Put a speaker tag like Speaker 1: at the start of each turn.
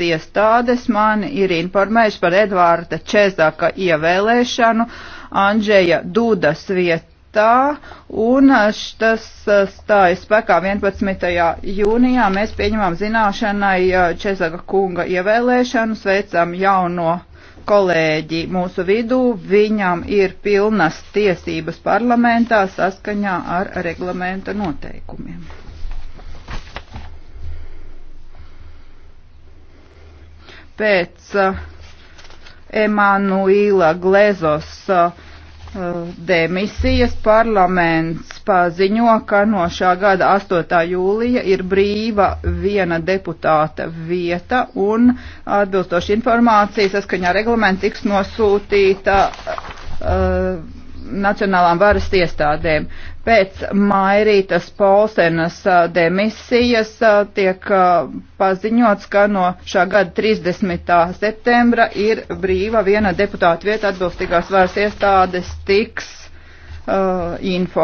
Speaker 1: valsts iestādes mani ir informējuši par Edvārda Čezaka ievēlēšanu Andžeja Dudas vietā, un tas stājas spēkā 11. jūnijā. Mēs pieņemam zināšanai eh, Čezaka kunga ievēlēšanu, sveicam jauno kolēģi mūsu vidū, viņam ir pilnas tiesības parlamentā saskaņā ar reglamenta noteikumiem. pēc Emanuīla Glezos demisijas parlaments paziņo, ka no šā gada 8. jūlija ir brīva viena deputāta vieta un atbilstoši informācija saskaņā reglamentu tiks nosūtīta uh, nacionālām varas iestādēm. Pēc Mairītas Polsenas demisijas tiek paziņots, ka no šā gada 30. septembra ir brīva viena deputāta vieta atbilstīgās varas iestādes tiks uh, info.